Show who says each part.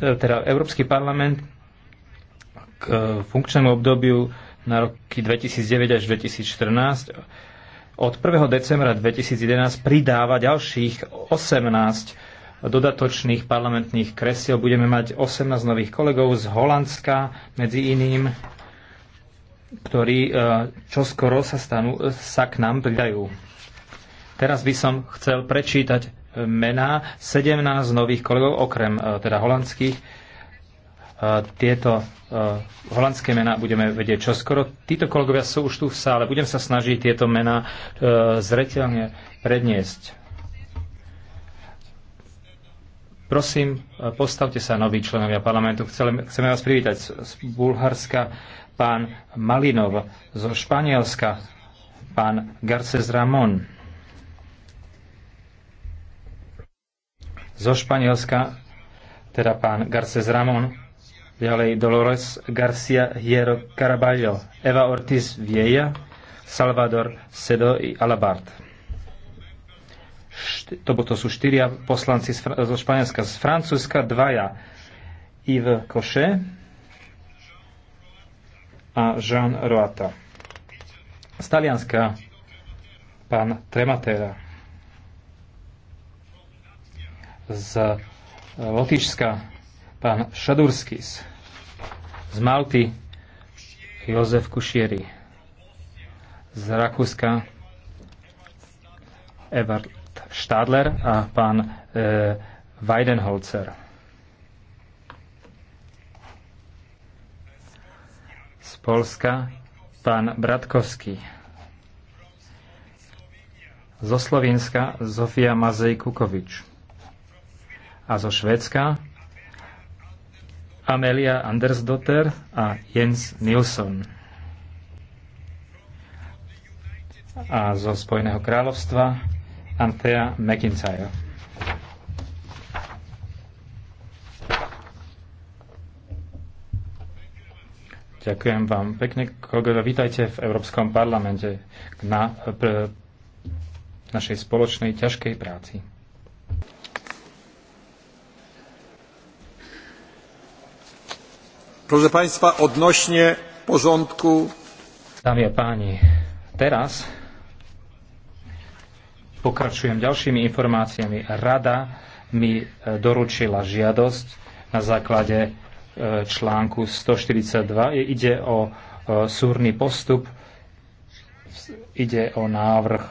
Speaker 1: teda Európsky parlament k funkčnému obdobiu na roky 2009 až 2014 od 1. decembra 2011 pridáva ďalších 18 dodatočných parlamentných kresiel. Budeme mať 18 nových kolegov z Holandska, medzi iným, ktorí e, čoskoro sa, stanú, e, sa k nám pridajú. Teraz by som chcel prečítať mená 17 nových kolegov, okrem e, teda holandských. E, tieto e, holandské mená budeme vedieť čoskoro. Títo kolegovia sú už tu v sále. Budem sa snažiť tieto mená zretelne predniesť. Prosím, postavte sa noví členovia parlamentu. Chceme vás privítať z Bulharska pán Malinov, zo Španielska pán Garces Ramon. zo Španielska, teda pán Garces Ramon, ďalej Dolores Garcia Hierro Caraballo, Eva Ortiz Vieja, Salvador Sedo i Alabart. To, to sú štyria poslanci zo Španielska. Z Francúzska dvaja Yves Cochet a Jean Roata. Z Talianska pán Trematera z e, Lotyčska pán Šadurskis, z Malty Jozef Kušieri, z Rakúska Evert Stadler a pán e, Weidenholzer. Z Polska pán Bratkovský. Zo Slovenska Zofia Mazej Kukovič a zo Švedska Amelia Andersdotter a Jens Nilsson. A zo Spojeného kráľovstva Anthea McIntyre. Ďakujem vám pekne, kolegovia. Vítajte v Európskom parlamente na našej spoločnej ťažkej práci. Proszę Państwa, odnośnie porządku... Dámy a páni, teraz pokračujem ďalšími informáciami. Rada mi e, doručila žiadosť na základe e, článku 142. Ide o e, súrny postup, ide o návrh